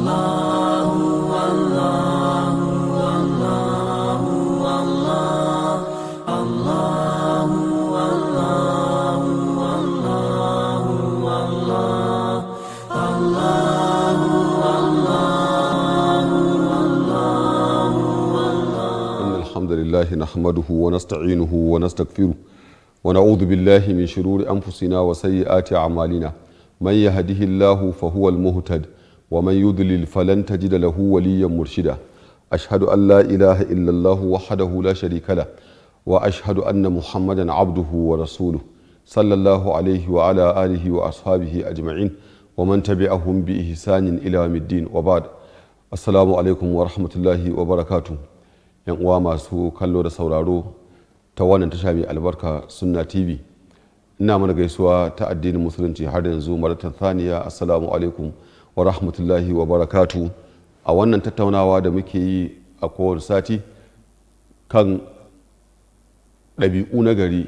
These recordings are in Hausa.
الله الله إن الحمد لله نحمده ونستعينه ونستغفره ونعوذ بالله من شرور أنفسنا وسيئات أعمالنا من يهده الله فهو المهتد ومن يضلل فلن تجد له وليا مرشدا أشهد أن لا إله إلا الله وحده لا شريك له وأشهد أن محمدا عبده ورسوله صلى الله عليه وعلى آله وأصحابه أجمعين ومن تبعهم بإحسان إلى يوم الدين وبعد السلام عليكم ورحمة الله وبركاته yan uwa masu kallo da sauraro ta wannan tasha mai albarka sunna tv ina mana gaisuwa ta addinin musulunci har yanzu maratan thaniya assalamu alaikum wa rahmatullahi wa barakatu a wannan tattaunawa da muke yi a kowane sati kan ɗabi'u na gari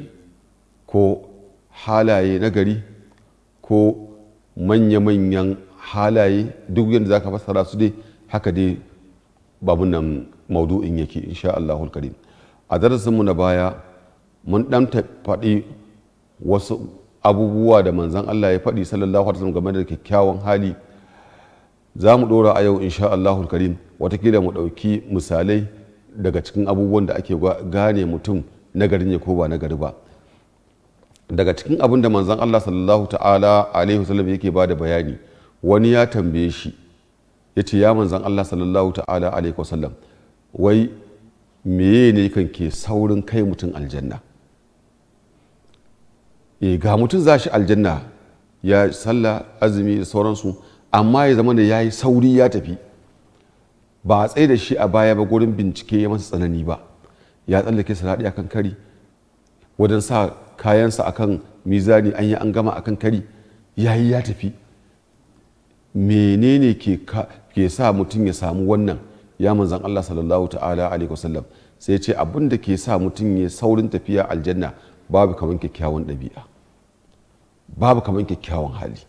ko halaye na ko manya-manyan halaye duk yadda za ka fassara su dai haka dai babu nan maudu'in yake insha Allahul karim a darasinmu na baya mun ɗan faɗi wasu abubuwa da manzan Allah ya faɗi sallallahu alaihi wasallam game da kyakkyawan hali za mu ɗora a yau insha Allahul Karim watakila mu ɗauki misalai daga cikin abubuwan da ake gane mutum nagari ne ko ba gari ba daga cikin abin da manzan Allah sallallahu ta'ala alaihi wasallam yake ba da bayani wani ya tambaye shi ya ce ya manzan Allah sallallahu ta'ala alaihi wasallam wai meye ne kan ke saurin kai mutum aljanna e ga mutum za shi aljanna ya sallah azumi da sauransu amma ya zama da ya yi sauri ya tafi ba a tsaye da shi a baya ba gurin bincike ya masa tsanani ba ya tsallake salaɗi akan kari wajen sa kayansa akan mizani an yi an gama akan kari ya yi ya tafi menene ke sa mutum ya samu wannan ya manzan Allah sallallahu ta'ala alaihi wasallam sai ce abin da ke sa mutum ya saurin tafiya aljanna babu kaman kyakkyawan ɗabi'a babu kamar kyakkyawan hali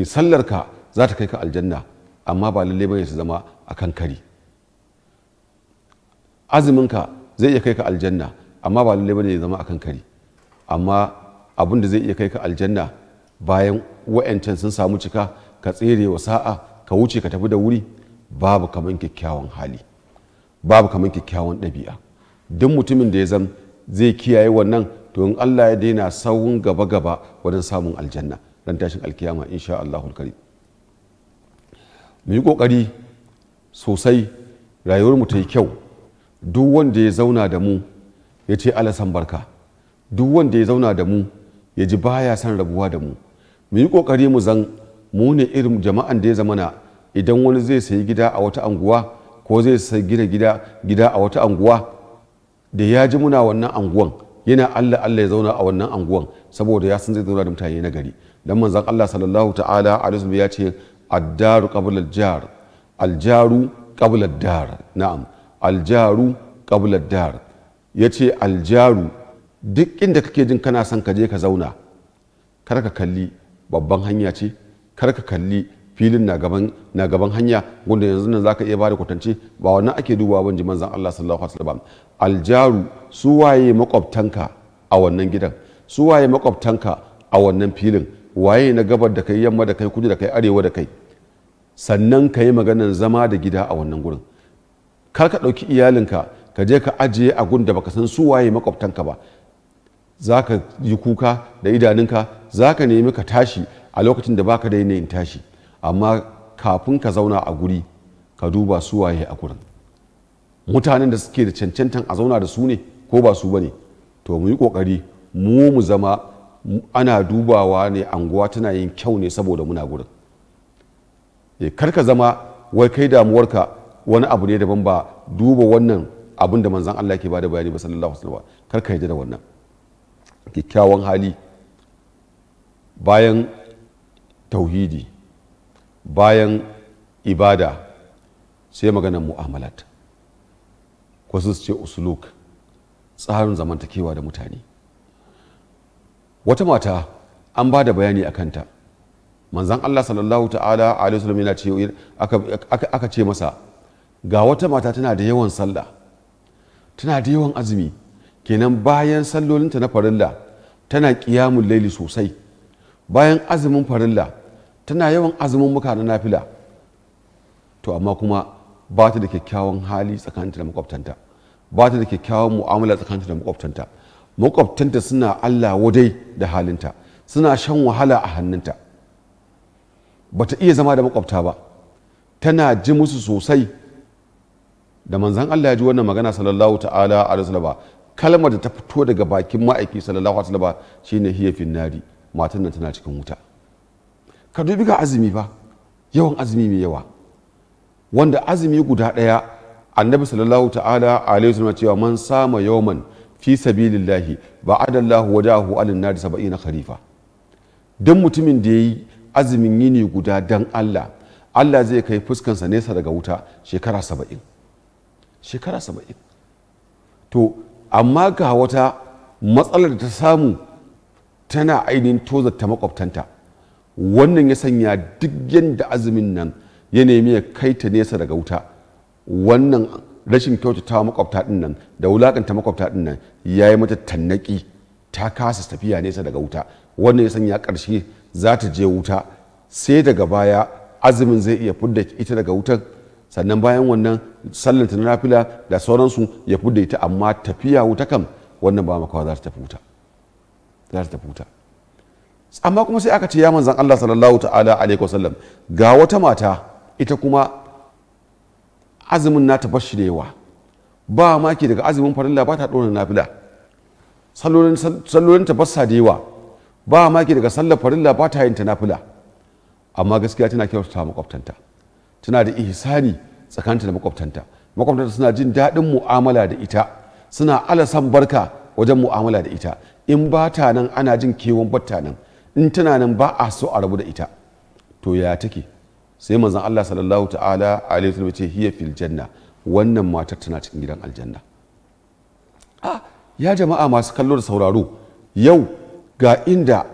sallar ka za ta kai ka aljanna amma ba lalle bane su zama a kan kari azumin ka zai iya kai ka aljanna amma ba lalle bane ya zama a kan kari amma abin da zai iya kai ka aljanna bayan wa'yancan sun samu cika ka tsere wa sa'a ka wuce ka tafi da wuri babu kamar kyakkyawan hali babu kamar kyakkyawan ɗabi'a duk mutumin da ya zan zai kiyaye wannan to in allah ya daina saurin gaba-gaba wajen samun aljanna dan tashin alkiyama insha Allah karim mu yi kokari sosai rayuwar mu ta yi kyau duk wanda ya zauna da mu ya ce alasan barka duk wanda ya zauna da mu ya ji baya san rabuwa da mu mu yi kokari mu zan mu ne irin jama'an da ya zamana idan wani zai sayi gida a wata anguwa ko zai sayi gida gida a wata anguwa da ya ji muna wannan anguwan yana Allah Allah ya zauna a wannan anguwan saboda ya san zai zauna da mutane na gari dan manzon Allah sallallahu ta'ala alaihi wasallam ya ce ad-daru qabla al-jar al dar na'am al-jaru qabla ad-dar yace al-jaru duk inda kake jin kana son ka je ka zauna kar ka kalli babban hanya ce kar ka kalli filin na gaban hanya wanda yanzu nan zaka iya bada kwatance ba wannan ake dubawa ban ji manzon Allah sallallahu alaihi wasallam aljaru su waye makwabtanka a wannan gidan su waye makwabtanka a wannan filin waye na gabar da kai yamma da kai kudu da kai arewa da kai sannan ka yi maganar zama da gida a wannan gurin kar ka ɗauki iyalinka ka je ka ajiye a gun da baka san su waye makwabtanka ba za ka yi kuka da idanunka za ka nemi ka tashi a lokacin da baka da yanayin tashi amma kafin ka zauna a guri ka duba su waye a gurin mutanen da suke da cancantan a zauna da su ne ko ba su bane to mu yi kokari mu mu zama ana dubawa ne anguwa tana yin kyau ne saboda muna gurin eh, kar ka zama wai kai damuwarka wani abu ne daban ba duba wannan abin da manzan Allah ke bada bayani ba sallallahu alaihi wasallam kar ka yi da wannan kyakkyawan hali bayan tauhidi bayan ibada sai maganar mu'amalat ko su ce usuluk tsarin zamantakewa da mutane wata mata an ba da bayani a kanta manzan allah sallallahu ta'ala alaihi yana ce aka ce masa ga wata mata tana da yawan sallah tana da yawan azumi kenan bayan sallolinta na farilla tana kiyamun laili sosai bayan azumin farilla tana yawan azumin muka na nafila to amma kuma ba ta da kyakkyawan hali tsakaninta da makwabtanta ba ta da kyakkyawan mu'amala tsakaninta da makwabtanta makwabtanta suna allah wadai da halinta suna shan wahala a hannunta ba ta iya zama da makwabta ba tana ji musu sosai da manzan allah ya ji wannan magana sallallahu ta'ala a rasulaba kalmar da ta fito daga bakin ma'aiki sallallahu alaihi wasallam shine hiya finnari matan nan tana cikin wuta ka dubi ga azumi ba yawan azumi mai yawa wanda azumi guda ɗaya annabi sallallahu ta'ala alaihi wasallam cewa man sama yawman fi sabilillahi ba adallahu wajahu alin nari saba'ina kharifa don mutumin da ya yi azumin yini guda dan Allah Allah zai kai fuskansa nesa daga wuta shekara saba'in shekara saba'in to amma ga wata matsalar da ta samu tana ainihin tozarta makwabtanta wannan ya sanya duk yadda azumin nan ya nemi ya kai ta nesa daga wuta wannan rashin kyautata makwabta din nan da wulakanta makwabta din nan ya yi mata tannaki ta kasa tafiya nesa daga wuta wannan ya sanya ƙarshe za ta je wuta sai daga baya azumin zai iya fudda ita daga wutar sannan bayan wannan sallanta na nafila da sauransu ya fidda ita amma tafiya wuta kam wannan ba makawa za ta tafi wuta amma kuma sai aka ce ya manzan Allah sallallahu ta'ala alaihi wasallam ga wata mata ita kuma azumin nata bashi da yawa ba maki daga azumin farilla ba ta dora nafila sallolin ta bassa da yawa ba maki daga sallar farilla ba ta yin ta nafila amma gaskiya tana kyautata makwabtanta tana da ihsani tsakanta da makwabtanta makwabtanta suna jin daɗin mu'amala da ita suna alasan barka wajen mu'amala da ita in ba ta nan ana jin kewan batta nan in tana nan ba a so a rabu da ita to ya take sai manzon Allah sallallahu ta'ala alaihi wasallam ce hiya fil janna wannan matar tana cikin gidan aljanna ah ya jama'a masu kallo da sauraro yau ga inda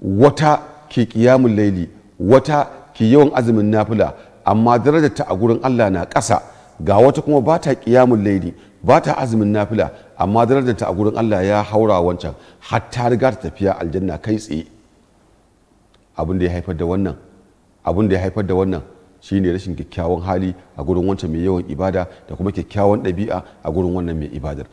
wata ke kiyamun laili wata ke yawan azumin nafila amma darajar ta a gurin Allah na ƙasa ga wata kuma ba ta kiyamun laili ba ta azumin nafila amma darajar ta a gurin Allah ya haura wancan hatta riga ta tafiya aljanna kai tsaye abin da ya haifar da wannan abin da ya haifar da wannan shine rashin kyakkyawan hali a gurin wancan mai yawan ibada da kuma kyakkyawan ɗabi'a a gurin wannan mai ibadar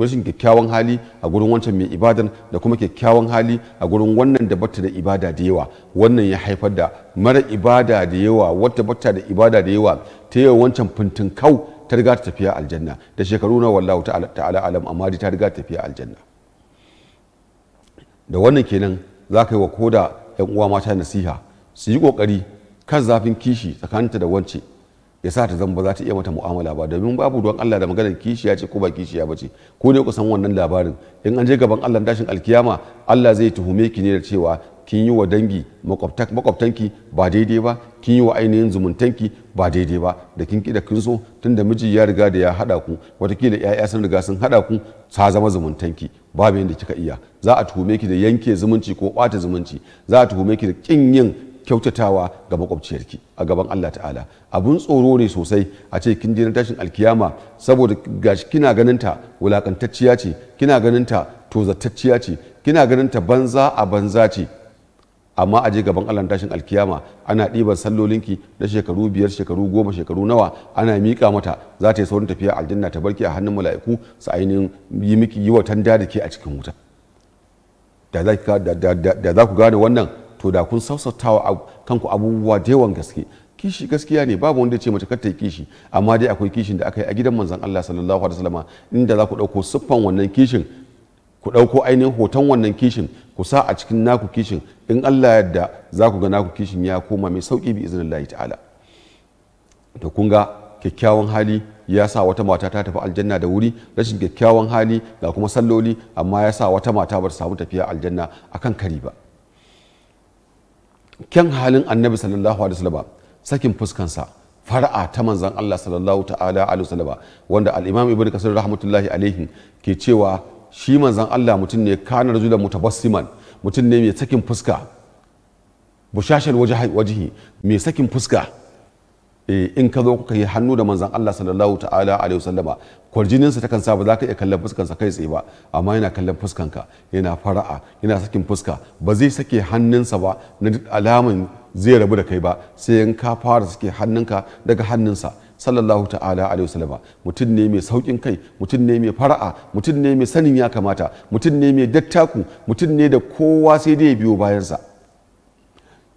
rashin kyakkyawan hali a gurin wancan mai ibadar da kuma kyakkyawan hali a gurin wannan da batta da ibada da yawa wannan ya haifar da mara ibada da yawa wata batta da ibada da yawa ta yawan wancan fintin kau ta riga ta tafiya aljanna da shekaru na wallahu ta'ala alam amma ta riga ta tafiya aljanna da wannan kenan za ka yi wa ko da yan uwa mata nasiha su yi ƙoƙari kan zafin kishi tsakaninta da wance ya sa ta zan ba za ta iya mata mu'amala ba domin babu don Allah da maganar kishiya ce ko ba kishiya ba ce ko dai ku san wannan labarin in an je gaban Allah tashin alkiyama Allah zai tuhume ki ne da cewa kin yi wa dangi makwabtanki ba daidai ba kin yi wa ainihin zumuntanki ba daidai ba da kin ki da kin so tun da miji ya riga da ya hada ku watakila ya'ya sun riga sun hada ku sa zama zumuntanki babu yadda kika iya za a tuhume ki da yanke zumunci ko bata zumunci za a tuhume ki da kin yin kyautatawa ga makwabciyarki a gaban Allah ta'ala abun tsoro ne sosai a ce kin je na tashin alkiyama saboda gashi kina ganin ta wulakantacciya ce kina ganin ta tozatacciya ce kina ganin ta banza a banza ce amma a je gaban allah tashin alkiyama ana ɗiban sallolinki na shekaru biyar shekaru goma shekaru nawa ana miƙa mata za ta yi saurin tafiya aljanna ta barki a hannun mala'iku su ainihin yi miki yi wa tanda da ke a cikin wuta da za ku gane wannan to da kun sassautawa kanku abubuwa da yawan gaske kishi gaskiya ne babu wanda ya ce mace kar ta yi kishi amma dai akwai kishin da aka yi a gidan manzon Allah sallallahu alaihi wasallam inda za ku ɗauko siffan wannan kishin ku ɗauko ainihin hoton wannan kishin ku sa a cikin naku kishin in allah yadda za ku ga naku kishin ya koma mai sauƙi bi izinin lahi ta'ala to kun ga kyakkyawan hali ya sa wata mata ta tafi aljanna da wuri rashin kyakkyawan hali ga kuma salloli amma ya sa wata mata ba ta samu tafiya aljanna akan kari ba kyan halin annabi sallallahu alaihi wasallam sakin fuskansa fara'a ta manzan Allah sallallahu ta'ala alaihi wasallam wanda al-imam ibn kasir rahmatullahi alaihi ke cewa shi manzan Allah mutum ne kanar zula mutabassiman mutum ne mai sakin fuska bushashal wajihi mai sakin fuska eh, in ka zo kuka yi hannu da manzan Allah sallallahu ta'ala alaihi wasallama kwarjininsa ta kan sa ba za ka iya kallon fuskansa kai tsaye ba amma yana kallon fuskanka yana fara'a yana sakin fuska ba zai sake hannunsa ba na alaman zai rabu da kai ba sai in ka fara sake hannunka daga hannunsa sallallahu ta'ala alaihi wasallama mutum ne mai saukin kai mutum ne mai fara'a mutum ne mai sanin ya kamata mutum ne mai dattaku mutum ne da kowa sai dai ya biyo bayansa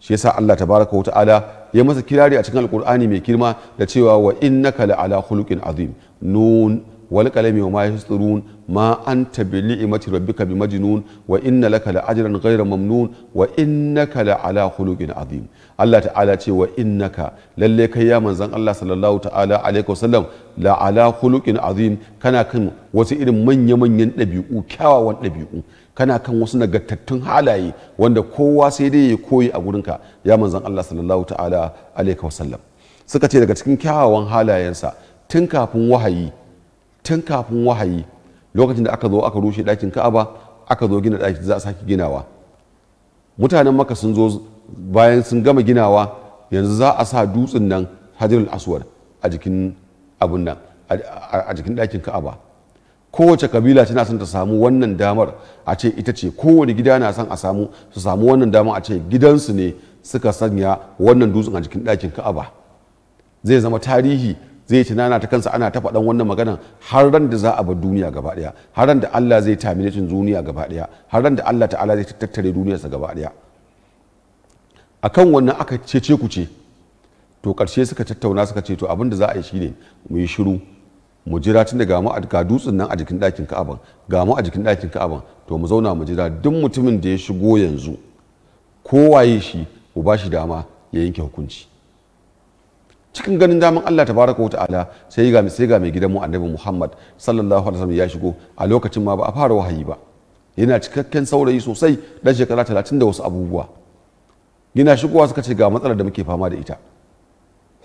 shi yasa Allah tabaraka wa ta'ala ya masa kirari a cikin alkur'ani mai girma da cewa wa kala ala khuluqin azim nun wal qalami wa ma yasturun ma anta bi ni'mati rabbika bi majnun wa inna laka la ajran ghayra mamnun wa innaka la ala khuluqin azim Allah ta'ala ce wa innaka lalle kai ya manzon Allah sallallahu ta'ala alaihi wasallam la ala khuluqin azim kana kan wasu irin manya manyan ɗabi'u kyawawan ɗabi'u kana kan wasu nagartattun halaye wanda kowa sai dai ya koyi a gurinka ya manzon Allah sallallahu ta'ala alaihi wasallam suka ce daga cikin kyawawan halayensa tun kafin wahayi tun kafin wahayi lokacin da aka zo aka rushe ɗakin ka'aba aka zo gina ɗakin za a sake ginawa mutanen maka sun zo bayan sun gama ginawa yanzu za a sa dutsen nan hajjirin aswad a jikin abin nan a jikin ɗakin ka'aba kowace kabila tana son ta samu wannan damar a ce ita ce kowane gida na son a samu su samu wannan damar a ce gidansu ne suka sanya wannan dutsen a jikin ɗakin ka'aba zai zama tarihi zai ci nana ta kansa ana ta faɗan wannan magana har ran da za a bar duniya gaba ɗaya har ran da Allah zai tamine cin duniya gaba ɗaya har ran da Allah ta'ala zai tattare sa gaba ɗaya akan wannan aka cece ku ce to ƙarshe suka tattauna suka ce to abin da za a yi shine mu yi shiru mu jira tun da gamu ga dutsen nan a jikin ɗakin ka'aban gamu a jikin ɗakin ka'aban to mu zauna mu jira duk mutumin da ya shigo yanzu Ko waye shi mu ba shi dama ya yanke hukunci cikin ganin daman Allah tabaraka wa ta'ala sai ga sai ga mai gidan mu annabi Muhammad sallallahu alaihi wasallam ya shigo a lokacin ma ba a fara wahayi ba yana cikakken saurayi sosai dan shekara talatin da wasu abubuwa yana shigowa suka ce ga matsalar da muke fama da ita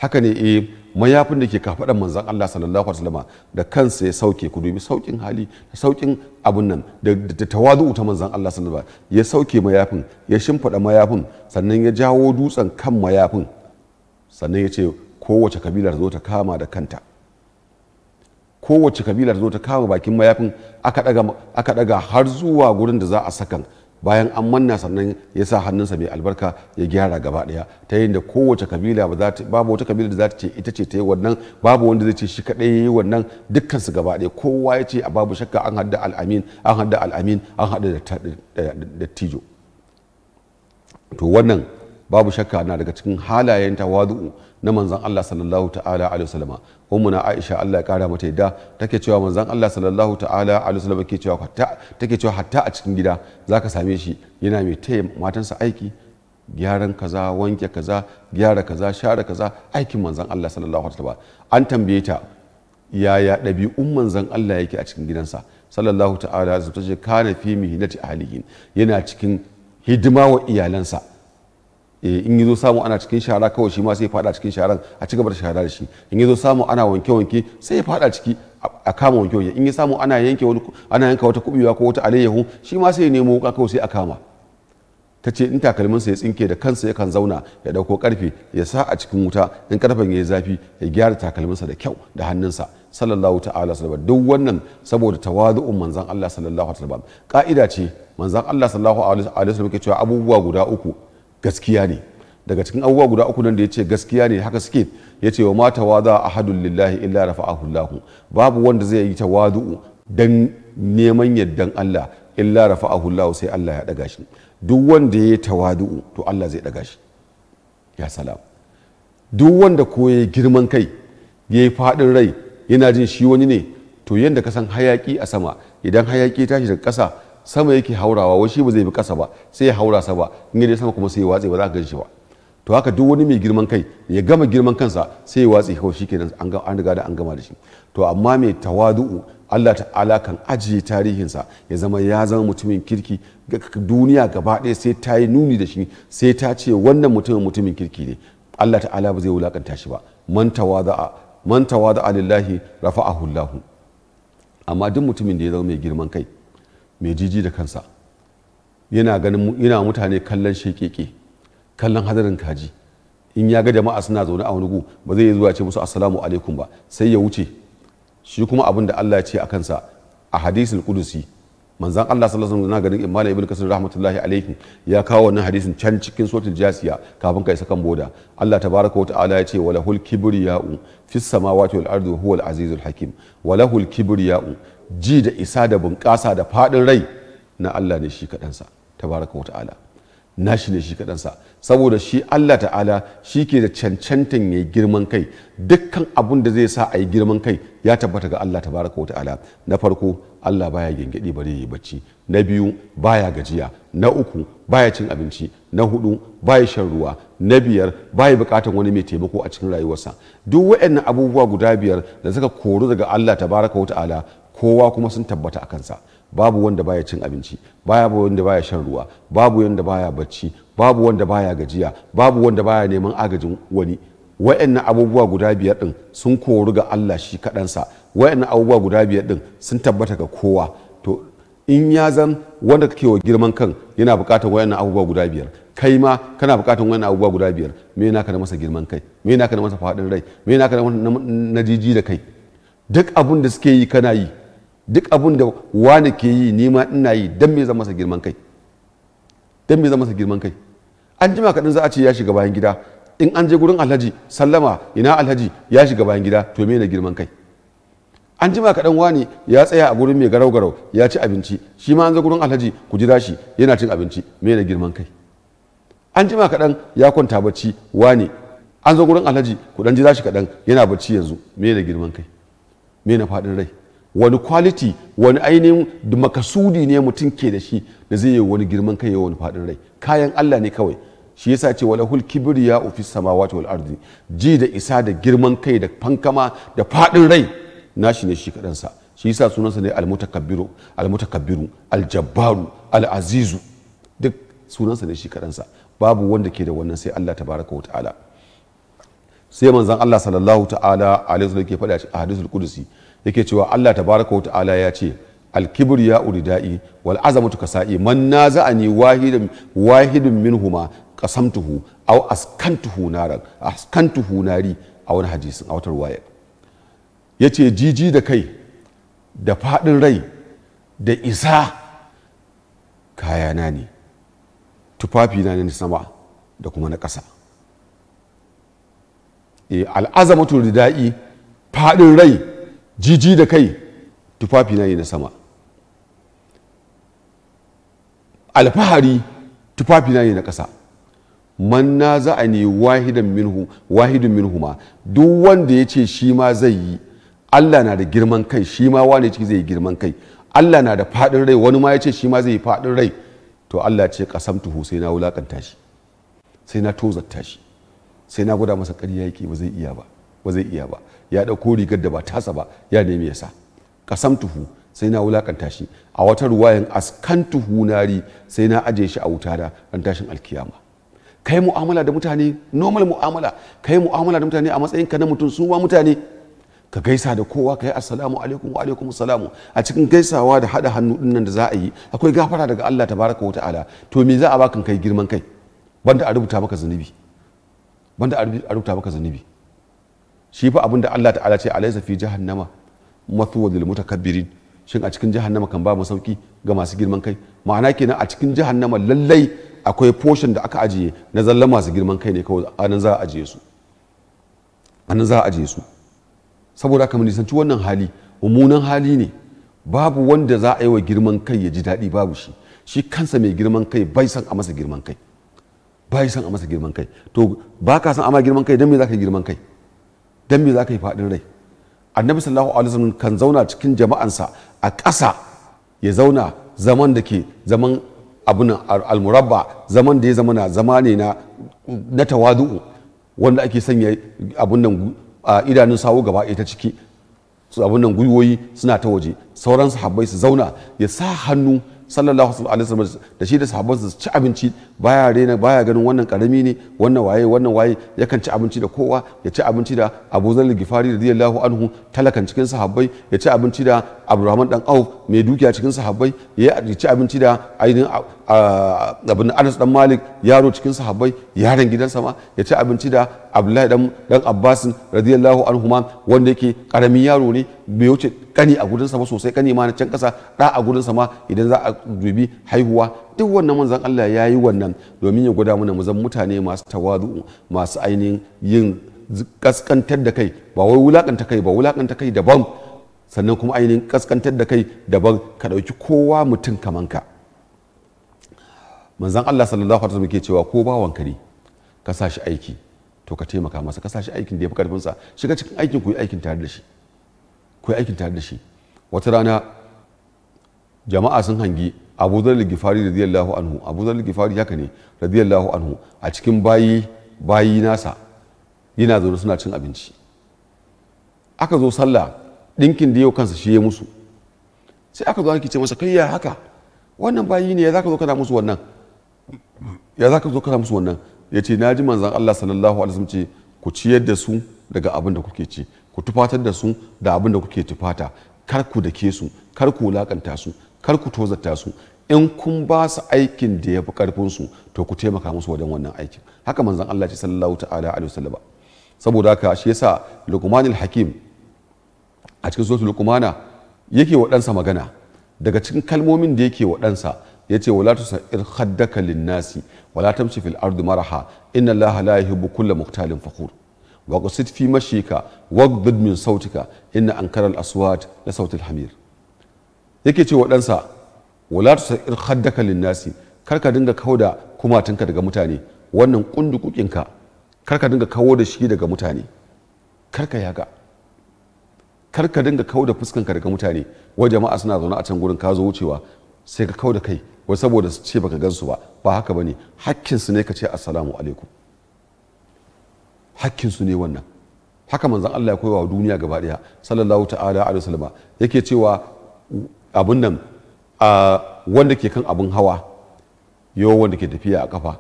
haka ne eh mayafin da ke kafaɗan manzan Allah sallallahu alaihi Wasallama da kansa ya sauke ku dubi saukin hali da saukin abun nan da tawazu ta manzan Allah sallallahu alaihi Wasallama ya sauke mayafin ya shimfiɗa mayafin sannan ya jawo dutsen kan mayafin sannan ya ce kowace kabilar zo ta kama da kanta kowace kabilar zo ta kama bakin mayafin aka daga har zuwa gurin da za a sakan bayan an manna sannan ya sa hannunsa mai albarka ya gyara gaba daya ta yin da kowace kabila babu wata kabila da za ta ce ita ce ta yi wannan babu wanda zai ce shi kadai ya yi wannan dukkan su gaba daya kowa ya ce a babu shakka an hada al'amin an hada al'amin an hada da tijo to wannan babu shakka na daga cikin halayen tawadu'u na manzon Allah sallallahu ta'ala alaihi wasallama ummuna Aisha Allah ya kara mata yadda take cewa manzon Allah sallallahu ta'ala alaihi wasallama ke cewa hatta take cewa hatta a cikin gida zaka same shi yana mai taya matansa aiki gyaran kaza wanke kaza gyara kaza share kaza aikin manzon Allah sallallahu ta'ala an tambaye ta yaya ɗabi'un manzon Allah yake a cikin gidansa sallallahu ta'ala alaihi wasallama ta ce kana fi mihnati ahlihin yana cikin hidima wa iyalansa Eh, in yi zo samu ana cikin shara kawai shi ma sai ya fada cikin sharan a ci gaba da shara da shi in yi zo samu ana wanke wanke sai ya fada ciki a kama wanke wanke in yi samu ana yanke wani ana yanka wata kubewa ko wata alayyahu shi ma sai ya nemo wuka kawai sai a kama ta ce in takalmin sa ya tsinke da kansa yakan zauna ya dauko karfe ya sa a cikin wuta in karfen ya yi zafi ya gyara takalmin sa da kyau da hannunsa sallallahu ta'ala sallallahu duk wannan saboda tawazu'un manzon Allah sallallahu alaihi wasallam ka'ida ce manzon Allah sallallahu alaihi wasallam ke cewa abubuwa guda uku gaskiya ne daga cikin abubuwa guda uku nan da ya ce gaskiya ne haka suke ya ce wa ma a hadun lillahi illa rafa babu wanda zai yi ta tawadu'u don neman yaddan Allah illa rafa ahullahu sai Allah ya daga shi duk wanda ya yi ta tawadu'u to Allah zai daga shi ya salam duk wanda ko ya yi girman kai ya yi faɗin rai yana jin shi wani ne to yadda ka san hayaki a sama idan hayaki tashi daga ƙasa sama yake haurawa wai shi ba zai bi kasa ba sai ya haura sa ba in dai sama kuma sai ya watse ba za ka shi ba to haka duk wani mai girman kai ya gama girman kansa sai ya watse kawai shikenan an an riga da an gama da shi to amma mai tawadu'u Allah ta'ala kan ajiye tarihinsa ya zama ya zama mutumin kirki duniya gaba ɗaya sai ta yi nuni da shi sai ta ce wannan mutumin mutumin kirki ne Allah ta'ala ba zai wulakanta shi ba man tawadu'a. man tawadu'a lillahi rafa'ahu Allah amma duk mutumin da ya zama mai girman kai mai jiji da kansa yana ganin yana mutane kallon shekeke kallon hadarin kaji in ya ga jama'a suna zaune a wani gu ba zai zuwa ce musu assalamu alaikum ba sai ya wuce shi kuma abin da Allah ya ce a kansa a hadisin kudusi, manzan Allah sallallahu alaihi wasallam ganin Imam Ibn Kasir rahmatullahi alaihi ya kawo wannan hadisin can cikin suratul Jasiya kafin kai sakan boda Allah tabaraka ta'ala ya ce walahul kibriya'u fis samawati wal ardi huwal azizul hakim walahul kibriya'u ji da isa da bunƙasa da faɗin rai na Allah ne shi kaɗansa tabaraka wa ta'ala na shi ne shi kaɗansa saboda shi Allah ta'ala shi ke da cancantan ya girman kai dukkan abun da zai sa a yi girman kai ya tabbata ga Allah tabaraka wa ta'ala na farko Allah baya gyangyaɗi bare yi bacci na biyu baya gajiya na uku baya cin abinci na hudu baya shan ruwa na biyar baya bukatan wani mai taimako a cikin rayuwarsa duk waɗannan abubuwa guda biyar da suka koru daga Allah tabaraka wa ta'ala. kowa kuma sun tabbata a kansa babu wanda baya cin abinci babu wanda baya shan ruwa babu wanda baya bacci babu wanda baya gajiya babu wanda baya neman agajin wani wa'annan abubuwa guda biyar din sun koru ga Allah shi kaɗansa wa'annan abubuwa guda biyar din sun tabbata ga kowa to in ya zan wanda kake wa girman kan yana buƙatar wa'annan abubuwa guda biyar kai ma kana buƙatar wa'annan abubuwa guda biyar me ka na masa girman kai me ka na masa faɗin rai me ka na jiji da kai duk abin da suke yi kana yi duk abin da wani ke yi nima ina yi don me zama masa girman kai don me zama sa girman kai an jima kaɗan za a ce ya shiga bayan gida in an je gurin alhaji sallama ina alhaji ya shiga bayan gida to me na girman kai an jima kaɗan wani ya tsaya a gurin mai garau garau ya ci abinci shi ma an zo gurin alhaji ku jira shi yana cin abinci me na girman kai an jima kaɗan ya kwanta bacci wani an zo gurin alhaji ku ɗan jira shi kaɗan yana bacci yanzu me na girman kai me na faɗin rai wani quality wani ainihin makasudi ne mutum ke da shi da zai yi wani girman kai wani faɗin rai kayan Allah ne kawai shi yasa ce wala hul ya fi samawati wal ardi ji da isa da girman kai da fankama da faɗin rai nashi ne shi kaɗansa shi yasa sunansa ne almutakabbiru almutakabbiru aljabbaru alazizu duk sunansa ne shi kaɗansa babu wanda ke da wannan sai Allah tabaraka wa ta'ala sai manzon Allah sallallahu ta'ala alaihi wasallam ke faɗa a hadisul kudusi yake cewa Allah tabaraka wa ta'ala ya ce alkibir ya urida'i wal azamatu kasa'i man naza'ani wahidun wahidun minhuma qasamtuhu aw askantuhu naran askantuhu nari a wani hadisin a wata ruwaya yace jiji da kai da fadin rai da isa kayana ne tufafi na ne sama da kuma na ƙasa e, eh, al'azamatu rida'i fadin rai jiji da kai tufafi na ne na sama alfahari tufafi na ne na ƙasa manna za a ne wahidin minhuma duk wanda ya ce shi ma zai yi allah na da girman kai shi ma wane ciki zai yi girman kai allah na da faɗin rai wani ma ya ce shi ma zai yi faɗin rai to allah ce tuhu sai na wulakanta shi sai na tozarta shi sai na gwada masa ƙarya yake ba zai iya ba ba zai iya ba ya ɗauko rigar da ba tasa ba ya nemi ya sa tuhu sai na wulakanta shi a wata ruwayan askantuhu nari sai na aje shi a wuta da ran tashin alkiyama kai mu'amala da mutane normal mu'amala kai mu'amala da mutane a matsayin ka na mutum su ma mutane ka gaisa da kowa ka yi assalamu alaikum wa alaikum salamu a cikin gaisawa da hada hannu din nan da za a yi akwai gafara daga Allah tabaraka wa ta'ala to me za a baka kai girman kai banda a rubuta maka zanubi banda a rubuta maka zunubi shi fa abin da Allah ta'ala ce alaysa fi jahannama mathwa lil mutakabbirin shin a cikin jahannama kan ba mu sauki ga masu girman kai ma'ana kenan a cikin jahannama lallai akwai portion da aka ajiye na zalla masu girman kai ne kawai anan za a ajiye su anan za a ajiye su saboda haka mu nisanci wannan hali mummunan hali ne babu wanda za a yi wa girman kai ya ji daɗi babu shi shi kansa mai girman kai bai san a masa girman kai bai san a masa girman kai to ba ka san ama girman kai don me za ka yi girman kai dan me za ka yi faɗin rai annabi sallallahu alaihi wasallam kan zauna cikin jama'ansa a ƙasa ya zauna zaman da ke zaman abin almurabba zaman da ya zama na zama ne na tawadu'u wanda ake sanya abin nan idanun sawu gaba ita ciki abin nan gwiwoyi suna ta waje sauran sahabbai su zauna ya sa hannu sallallahu alaihi wasallam da shi da sahabbansa su ci abinci baya rena baya ganin wannan karami ne wannan waye wannan waye yakan ci abinci da kowa ya ci abinci da Abu Zar Gifari radiyallahu anhu talakan cikin sahabbai ya ci abinci da Abdurrahman dan Auf mai dukiya cikin sahabbai ya ci abinci da ainihin abin anas dan malik yaro cikin sahabbai yaron gidansa ma ya ci abinci da abdullahi dan dan abbasin radiyallahu anhuma wanda yake karamin yaro ne bai wuce kani a gudunsa ba sosai kani ma na can kasa da a gudunsa ma idan za a dubi haihuwa duk wannan manzon Allah ya yi wannan domin ya gwada mana mu zan mutane masu tawadu masu ainihin yin kaskantar da kai ba wai wulakanta kai ba wulakanta kai daban sannan kuma ainihin kaskantar da kai daban ka ɗauki kowa mutum kamanka manzan Allah sallallahu alaihi wasallam ke cewa ko bawan ne ka sa shi aiki to ka taimaka masa ka sa shi aikin da ya fi karfin sa shiga cikin aikin ku yi aikin tare da shi ku yi aikin tare da shi wata rana jama'a sun hangi Abu Dharr al-Ghifari radiyallahu anhu Abu Dharr al-Ghifari haka ne radiyallahu anhu a cikin bayi bayi nasa yana zaune suna cin abinci aka zo sallah ɗinkin da yau kansa shi ya musu sai aka zo ake ce masa kai ya haka wannan bayi ne ya zaka zo kana musu wannan ya za ka zo kana musu wannan ya ce na ji manzan Allah sallallahu alaihi wasallam ce ku ciyar da su daga abin da kuke ci ku tufatar da su da abin da kuke tufata kar ku dake su kar ku lakanta su kar ku tozarta su in kun ba su aikin da ya fi karfin su to ku taimaka musu wajen wannan aikin haka manzan Allah ce sallallahu ta'ala alaihi wasallam saboda haka shi yasa Luqmanul Hakim a cikin suratul Luqmana yake wa ɗansa magana daga cikin kalmomin da yake wa ɗansa yace wala tusa'ir haddaka lin-nasi wala tamshi fil ardi maraha inna allaha la yuhibbu kulla muqtalin fakhur wa qasid fi mashika waghdud min sautika inna ankara al-aswat la sauti al-hamir yake ce wa ɗansa wala tusa'ir khaddaka lin-nasi kar ka dinga kawo da kumatinka daga mutane wannan kundukukinka kar ka dinga kawo da shi daga mutane kar ka yaga kar ka dinga kawo da fuskanka daga mutane wa jama'a suna zaune a can gurin ka zo wucewa sai ka kawo da kai wai saboda su ce baka su ba ba haka bane su ne ka ce assalamu alaikum Hakkin su ne wannan haka manzon Allah ya koyawa duniya gaba daya sallallahu ta'ala alaihi wasallama yake cewa abun nan wanda ke kan abun hawa yo wanda ke tafiya a kafa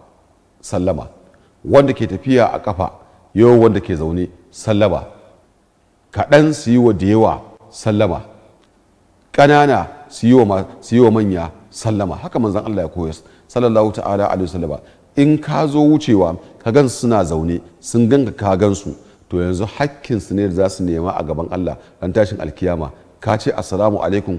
sallama wanda ke tafiya a kafa yo wanda ke zaune sallama kaɗan su yi wa da yawa sallama ƙanana su yi wa manya sallama haka manzon Allah ya koyar sallallahu ta'ala alaihi wasallama in ka zo wucewa ka gan suna zaune sun ganka ka gansu to yanzu hakkin su ne da za su nema a gaban Allah ran tashin alkiyama ka ce assalamu alaikum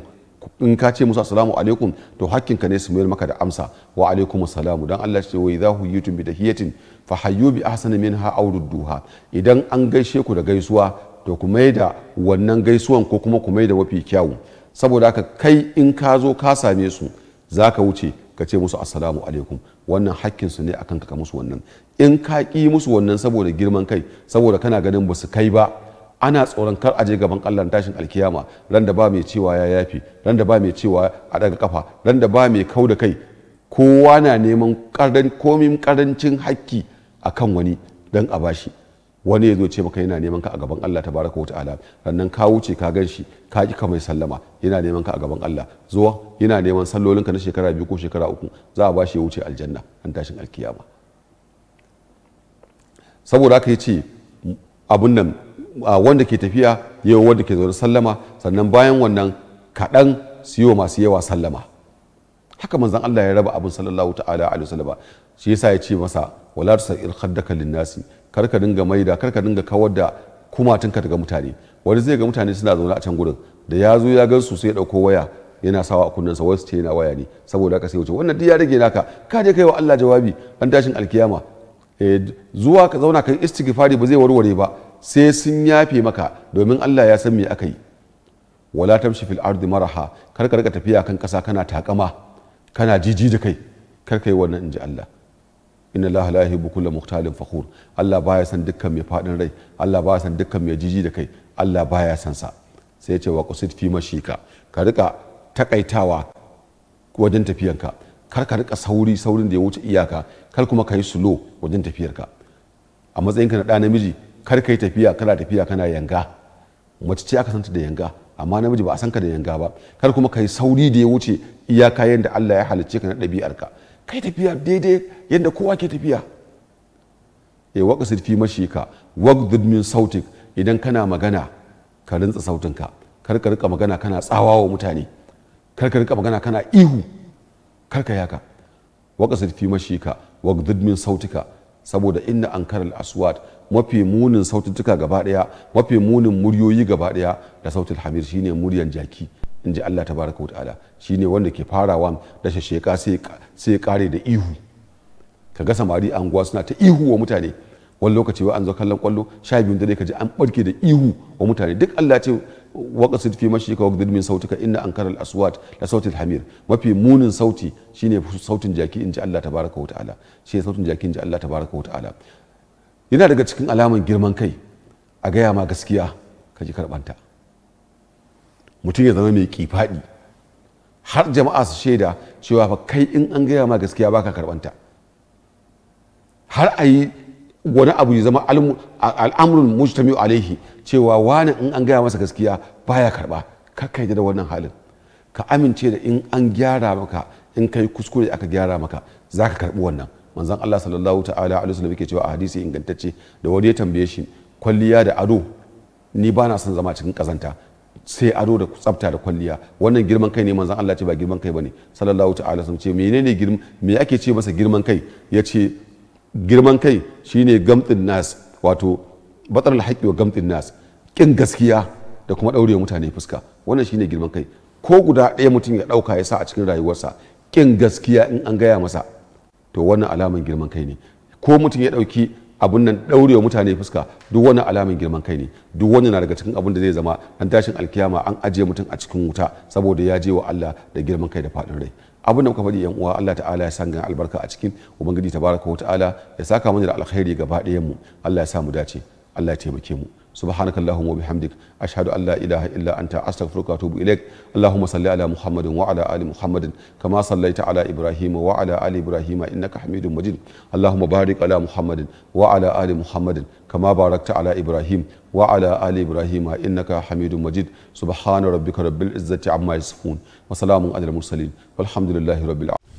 in ka ce musu assalamu alaikum to ka ne su mayar maka da amsa wa alaikum assalamu dan Allah ce wai za huyitum bi tahiyatin fa hayyu bi ahsani minha aw rudduha idan an gaishe ku da gaisuwa to ku mai da wannan gaisuwan ko kuma ku mai da wafi kyawu saboda haka kai in ka zo ka same su za ka wuce ka ce musu assalamu alaikum wannan hakkinsu ne akan ka musu wannan in ka ƙi musu wannan saboda girman kai saboda kana ganin ba su kai ba ana tsoron kar a je gaban Allah tashin alkiyama Randa ba mai cewa ya yafi ran ba mai cewa a daga kafa randa ba mai kau da kai kowa na neman komin karancin hakki akan wani dan a bashi wani ya zo ce maka yana neman ka a gaban Allah tabaraka wata'ala sannan ka wuce ka gan shi ka ƙi ka mai sallama yana neman ka a gaban Allah zuwa yana neman sallolin ka na shekara biyu ko shekara uku za a bashi ya wuce aljanna an tashin alkiyama saboda haka yace abun nan wanda ke tafiya yau wanda ke zaune sallama sannan bayan wannan kaɗan siyo masu yawa sallama haka manzan Allah ya raba abin sallallahu ta'ala alaihi wasallam shi yasa ya ce masa wala tusir khaddaka linnasi karka ka dinga maida kar ka dinga kawar da ka daga mutane wani zai ga mutane suna zaune a can gurin da ya zo ya gan su sai ya ɗauko waya yana sawa a kunnensa wasu ce yana waya ne saboda haka sai wuce wannan duk ya rage naka ka je kai wa Allah jawabi an tashin alkiyama eh, zuwa ka zauna kai istighfari ba zai warware ba sai sun yafe maka domin Allah ya san me aka yi wala tamshi fil ardi maraha kar ka rika tafiya kan kasa kana takama kana jiji da kai kar yi wannan inji Allah inna allaha lahi yuhibbu kulla muhtalin fakhur Allah baya san dukkan mai fadin rai Allah baya san dukkan mai jiji da kai Allah baya san sa sai ya ce wa qusid fi mashika ka rika takaitawa wajen tafiyanka kar ka rika sauri saurin da ya wuce iyaka kar kuma ka yi slow wajen tafiyarka a matsayinka na ɗa namiji kar ka yi tafiya kana tafiya kana yanga mace ce aka santa da yanga amma namiji ba a san ka da yanga ba kar kuma ka yi sauri da ya wuce iyaka yadda Allah ya halicce ka na ɗabi'arka kai tafiya daidai yadda kowa ke tafiya e waka sirfi ka waqdud min sautik idan kana magana ka rintsa sautinka kar ka rika magana kana tsawawa mutane kar ka rika magana kana ihu kar ka yaka waka sirfi ka waqdud min sautika saboda inna ankara al-aswat mafi munin sautuka gaba daya mafi munin muryoyi gaba daya da sautin hamir shine muryan jaki in ji Allah tabaraka wa ta'ala ne wanda ke farawa da sheka sai kare da ihu ka ga samari a anguwa suna ta ihu wa mutane wani lokaci wa an zo kallon kwallo sha biyun da ka ji an barke da ihu wa mutane duk Allah ce waqasid fi mashika wa min sautuka inna ankaral aswat la sautil hamir mafi munin sauti shine sautin jaki in ji Allah tabaraka wa shi ne sautin jaki in ji Allah tabaraka ta'ala yana daga cikin alaman girman kai a gaya ma gaskiya ka ji ta. mutum ya zama mai kifaɗi har jama'a su shaida cewa fa kai in an gaya ma gaskiya baka karbanta har a yi wani abu ya zama al'amurin mujtami alaihi cewa wani in an gaya masa gaskiya baya karba kai da wannan halin ka amince da in an gyara maka in kai kuskure aka gyara maka za ka karbi wannan manzan Allah sallallahu ta'ala alaihi wasallam yake cewa a hadisi ingantacce da wani ya tambaye shi kwalliya da ado ni ba na son zama cikin kazanta sai ado da tsafta da kwalliya wannan girman kai ne manzon Allah ce ba girman kai bane sallallahu ta'ala sun ce menene girman me ake ce masa girman kai yace girman kai shine gamtin nas wato batar alhaqi wa gamtin nas kin gaskiya da kuma daure mutane fuska wannan shine girman kai ko guda ɗaya mutum ya ɗauka ya sa a cikin rayuwarsa kin gaskiya in an gaya masa to wannan alaman girman kai ne ko mutum ya ɗauki abun nan daurewa mutane fuska duk wani alamin girman kai ne duk wani na daga cikin abun da zai zama an tashin alkiyama an ajiye mutum a cikin wuta saboda ya je wa Allah da girman kai da faɗin rai abun da muka faɗi yan uwa Allah ta'ala ya sanga albarka a cikin ubangiji tabaraka wa ta'ala ya saka mana da alkhairi gaba ɗayan mu Allah ya sa mu dace Allah ya taimake mu سبحانك اللهم وبحمدك أشهد أن لا إله إلا أنت أستغفرك وأتوب إليك اللهم صل على محمد وعلى آل محمد كما صليت على إبراهيم وعلى آل إبراهيم إنك حميد مجيد اللهم بارك على محمد وعلى آل محمد كما باركت على إبراهيم وعلى آل إبراهيم إنك حميد مجيد سبحان ربك رب العزة عما يصفون وسلام على المرسلين والحمد لله رب العالمين